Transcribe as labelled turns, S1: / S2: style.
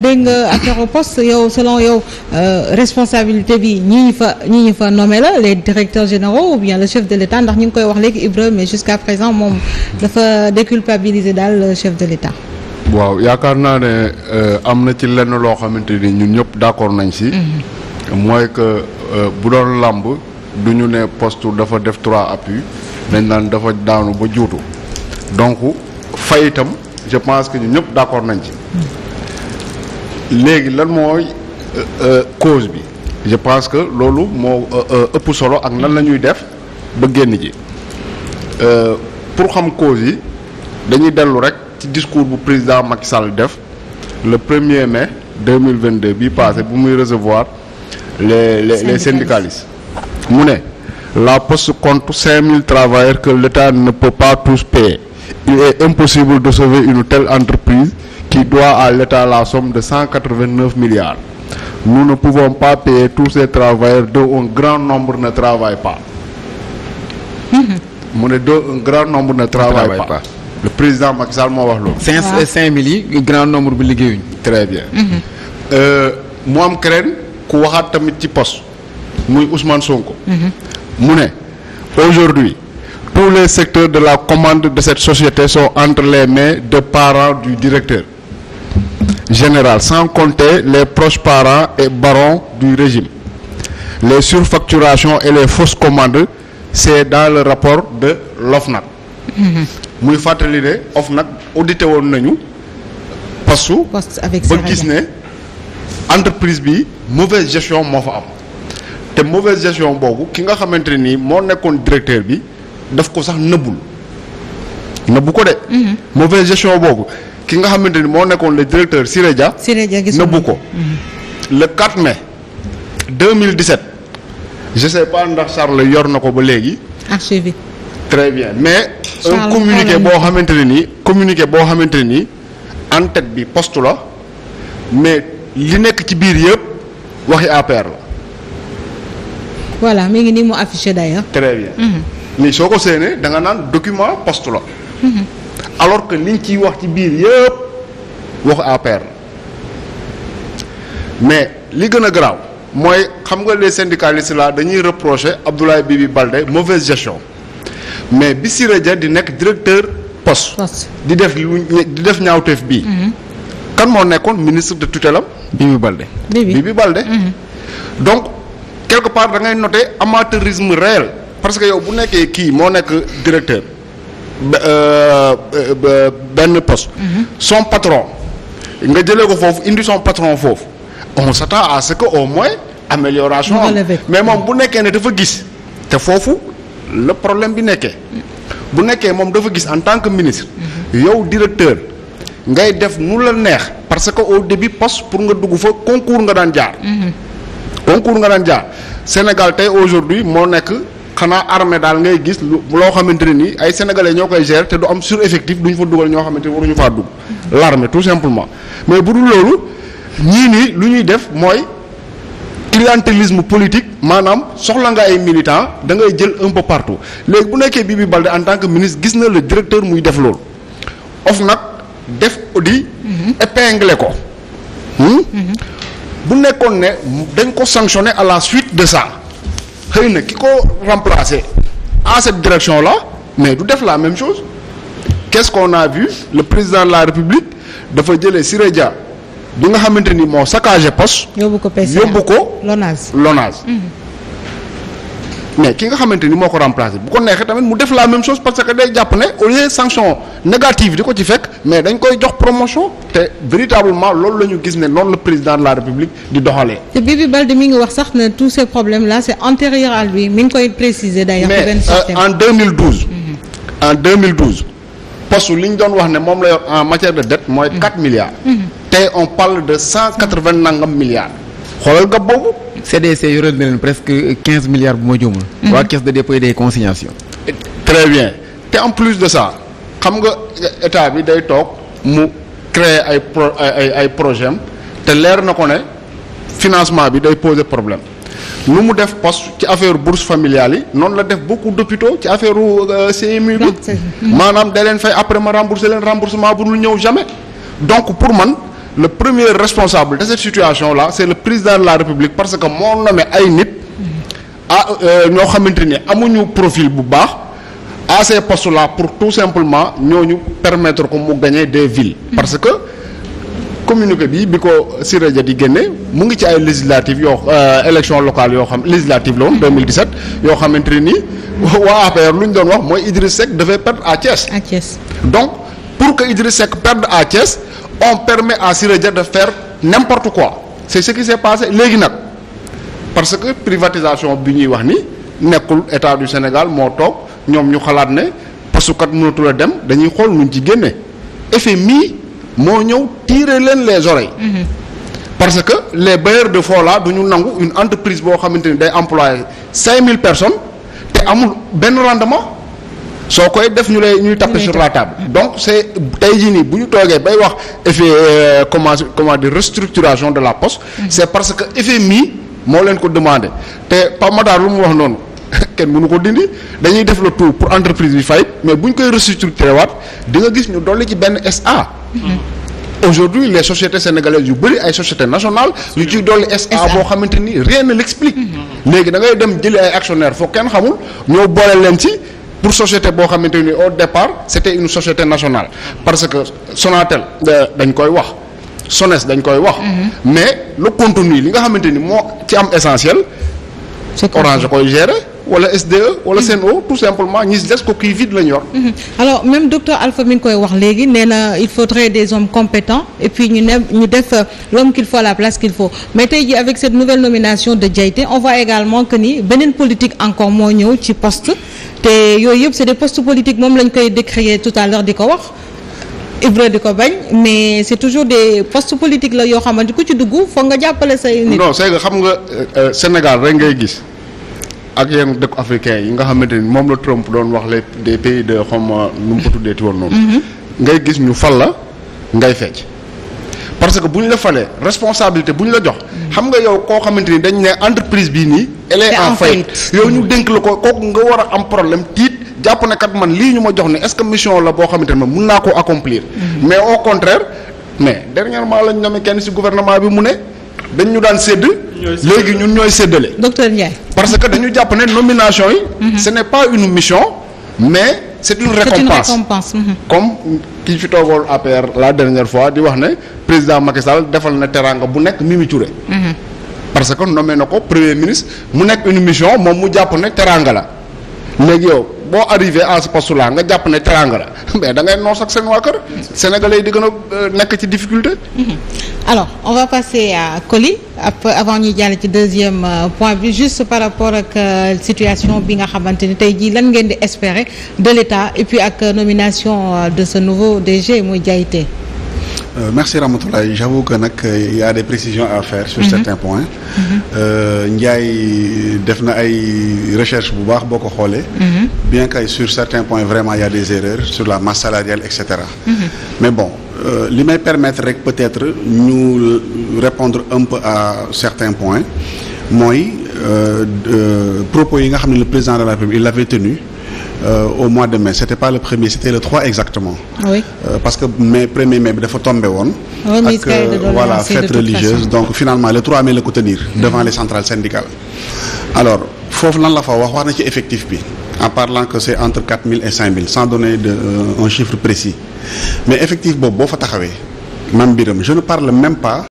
S1: dégg nga affaire poste yow selon yow euh, responsabilité bi ñi ñu fa ñi ñu fa nommé la les directeurs généraux ou bien le chef de l'État ndax ñu ngi koy wax léegi Ibrahima mais jusqu'à présent moom dafa déculpabiliser daal le chef de l'État
S2: waaw yaakaar naa ne euh, am na ci lenn loo xamante ni ñun ñëpp d'accord nañ si mhm. mooy que euh, bu doon làmb du ñu ne poste dafa def trois appuis dañ naan dafa daanu ba juutu donc fay itam je pense que ñu ñëpp d'accord nañ ci mhm. léegi lan mooy euh, euh, cause bi je pense que loolu moo euh, ëpp solo ak lan la ñuy def ba génn ji pour xam cause yi dañuy dellu rek ci discours bu président Macky Sall def le 1er mai 2022 bi passé bu muy recevoir le les les syndicalistes mu ne la poste compte 5000 travailleurs que l'État ne peut pas tous payer il est impossible de sauver une telle entreprise qui doit à l'État la somme de 189 milliards. Nous ne pouvons pas payer tous ces travailleurs dont un grand nombre ne travaille pas. Mhm. mu ne doo un grand nombre ne travaille pas. le président Macky Sall moo wax loolu. waaw 5000 yi grand nombre bi liggéeyuñ. très bien. Mhm. Euh, mu am keneen ku waxaat tamit ci poste muy Ousmane Sonko. Mhm. mu ne aujourd'hui tous les secteurs de la commande de cette société sont entre les mains de parents du directeur. général sans compter les proches parents et barons du régime. Les surfacturations et les fausses commandes, c'est dans le rapport de l'OFNAC. Mhm. muy fàttali de ne nag audité woon nañu postu ba gis ne entreprise bi mauvaise gestion moo fa am te mauvaise gestion boobu ki nga xamante nii moo nekkoon directeur bi daf ko sax nëbbul nëbbu ko de mhm. mauvaise gestion boobu ki nga xamante ni moo nekkoon le directeur Siré Dia. Siré Dia gis nëbbu ko. le 4 mai 2017 je sais pas ndax Charles yor na ko ba léegi. archivé. mais.
S1: un communiqué
S2: boo xamante ne nii communiqué boo xamante ne nii en bi postu la mais li nekk ci biir yëpp waxi APR la.
S1: voilà mi ngi nii mu affiché d'ailleurs. très bien. Mhm.
S2: soo ko séenee da naan document poste la. Mhm. alors que liñ ciy wax ci biir yëpp waxu APR mais li gën a garaaw mooy xam nga les syndicalistes là dañuy reprocher Abdoulaye bi Baldé mauvaise gestion mais bi ja di nekk directeur poste di def di def ñaawteef bii mhm. kan moo nekkoon ministre de tutelle am Bibi Baldé Bibi Baldé mhm. donc quelque part da ngay noter amateurisme réel parce que yow bu nekkee kii moo nekk directeur Euh, benn post mhm. son patron nga jële ko foofu indi son patron foofu on s'attend à ce que au moins amélioration mais moom bu nekkee ne dafa gis te foofu le problème bi nekkee bu nekkee moom dafa gis en tant que ministre mhm. yow directeur ngay def nu la neex parce que au début post pour nga dugg fa concours nga daan jaar mhm. concours nga daan jaar Sénégal tey aujourd'hui moo nekk xanaa armée daal ngay gis loo xamante ne nii ay sénégalais ñoo koy gérer te du am sur effectif duñ fa dugal ñoo xamante ni waruñu faa dugg. l'armée tout simplement mais bu dul loolu ñii nii lu ñuy def mooy clientélisme politique maanaam soxla nga ay militants da ngay jël un peu partout léegi bu nekkee Bibi Baldé en tant que ministre gis na le directeur muy def loolu of nag def audit. Mhm. épinglé ko. Hmm? Mhm. bu nekkoon ne dañ ko sanctionné à la suite de ça. xëy na ki ko remplacer en cette direction la mais du def la même chose qu'est-ce qu'on a vu le président de la république dafa jëlee Siré Dia bi nga xamante ni moo saccagé poste yóbbu ko LONASE LONASE mais ki nga xamante ni moo ko remplacer bu ko neexee tamit mu def la même chose parce que day jàpp ne au lieu sanction négative di ko ci fekk mais dañ koy jox promotion te véritablement loolu la gis ne noonu la président de la république di doxalee.
S1: te Bibi Baldé mi ngi wax sax ne tous ces problèmes là c'est antérieur à lui ngi koy préciser d'ailleurs. mais euh, en
S2: en 2012 li ñu doon wax ne moom la yor en matière de dette mooy 4 milliards. Mm-hmm. te on nangam milliards. xoolal gab boobu. CDC yoreel na leen presque quinze milliards bu ma juumul. Mhm. waa caisse de dépôt et des consignations. très bien te en plus de ça xam nga état bi day toog mu créer ay pro ay ay projet te leer na ko ne financement bi day poser problème lu mu def pos ci affaire bourse familiale yi noonu la def beaucoup d'hôpitaux ci affaire euh, CMU bi maanaam da leen fay après ma rembourser leen remboursement bu dul ñëw jamais donc pour man. le premier responsable de cette situation là c'est le président de la République parce que moo nommé ay nit ah euh, ñoo xamante ni amuñu profil bu baax à ces postes la pour tout simplement ñooñu permettre ko mu gagner des villes parce que communiqué bi bi ko Siré Dia di génne mu ngi ci ay législatives yoo euh, élection locale yoo xam législative la woon 2017 yoo xamante ne nii waa APR lu ñu doon wax mooy Idriss sec devait perdre à à Thiès donc pour que Idriss sec perde à on permet à Siré Dia de faire n'importe quoi c'est ce qui s'est passé léegi nag parce que privatisation bi ñuy wax ni nekkul état du Sénégal moo toog ñoom ñu xalaat ne pasukat mënatul a dem dañuy xool nuñ ci génne FMI moo ñëw tirer leen les oreilles mm-hmm. parce que les bailleurs de fonds du ñu nangu une entreprise boo xamante ni day employé cinq mille personnes te amul benn rendement soo koy def ñu lay ñuy taper sur la table donc c'est tey jii nii bu ñu toogee bay wax effet euh, comment comment dire restructuration de la poste mm-hmm. c'est parce que FMI moo leen ko demandé te Pape Matar lu mu wax noonu kenn mënu ko dindi dañuy def le tout pour entreprise bi fay mais bu ñu koy restructurer waat di nga gis ñu dolli ci benn SA mm-hmm. aujourd'hui les sociétés sénégalaises yu bëri ay société nationales yu ci dolli SA boo xamante ni rien ne l'explique mm-hmm. léegi da ngay dem jëli ay actionnaires foo kenn xamul ñoo boole leen ci pour société boo xamante ni au départ c'était une société nationale parce que Sonatel dañ koy wax SONES dañ koy wax. Mhm. mais le contenu li nga xamante ni moo ci am essentiel. Orange koy gérer wala SDE wala CNO mhm. tout simplement ñi des ko kii vide la ñu yor.
S1: Mhm. alors même docteur Alpha mi koy wax léegi nee na il faudrait des hommes compétents et puis ñu ne ñu def euh, l'homme qu'il faut à la place qu'il faut mais tey ji avec cette nouvelle nomination de Diaité on voit également que ni beneen politique encore moo ñëw ci poste. te yooyu yëpp c'est des postes politiques moom lañ koy décrier tout à di ko wax Ibra di ko bañ mais c'est toujours des postes politiques la yoo xamante ku ci dugg foog nga jàppale say nit. non c'est que
S2: xam nga euh, euh, Sénégal rek ngay gis ak yenn dëkk africain yi nga xamante ni moom la Trump doon wax les des pays de xawma nu mu ko tuddee ci woon noonu. Mm-hmm. ngay gis ñu fal la ngay fecc parce que bu ñu la falee responsabilité bu ñu la jox. Mm-hmm. xam nga yow koo xamante ni dañ ne entreprise bii nii. elle est en faillite yow ñu dénk la ko kooku nga war a am problème tiit jàpp ne kat man lii ñu ma jox ne est-ce que mission la boo xamante ne mun naa ko accomplir. Mhm. mais au contraire mais dernièrement lañ ñame kenn ci gouvernement bi mu ne dañ ñu daan sédd. léegi ñun ñooy séddale. docteur parce que dañu jàpp ne nomination yi. Mhm. ce n'est pas une mission mais. c'est une récompense c'est mhm. comme kii fi toogoon APR la dernière fois di wax ne président Macky defal na teraanga bu nekk Mimi Touré. parce que nommé na ko premier ministre mu nekk une mission moom mu jàpp ne teraanga la léegi yow boo arrivé à ce la nga jàpp ne teraanga la mais da ngay noos ak seen waa kër sénégalais di gën a euh, nekk ci difficulté. alors on va
S1: passer à Coly avant ñuy jàll ci deuxième euh, point bi juste par rapport ak euh, situation bi nga xamante ni tey jii lan ngeen di espérer de l'État et puis ak nomination de ce nouveau DG muy Diaité.
S2: Euh, merci Ramatoulaye j'avoue que nag euh, il des précisions à faire sur mm -hmm. certains points mhm. euh, Ndiaye def na ay recherche bu baax boo ko xoolee mhm. bien que sur certains points vraiment il a des erreurs sur la masse salariale et cetera mm -hmm. mais bon li may permettre rek peut-être ñu répondre un peu à certains points mooy propos yi nga xam ne le président de la République il l'avait tenu Euh, au mois de mai c'était pas le premier c'était le 3 exactement. Ah euh, parce que mai premier mai bi dafa tombé woon. Ah ak euh, voilà fête religieuse donc finalement le 3 mai la ko tenir devant les centrales syndicales. alors foofu lan la fa wax wax na ci effectif bi en parlant que c'est entre 4000 et 5000 sans donner de un chiffre précis mais effectif boobu boo fa taxawee. man biram je ne parle même pas.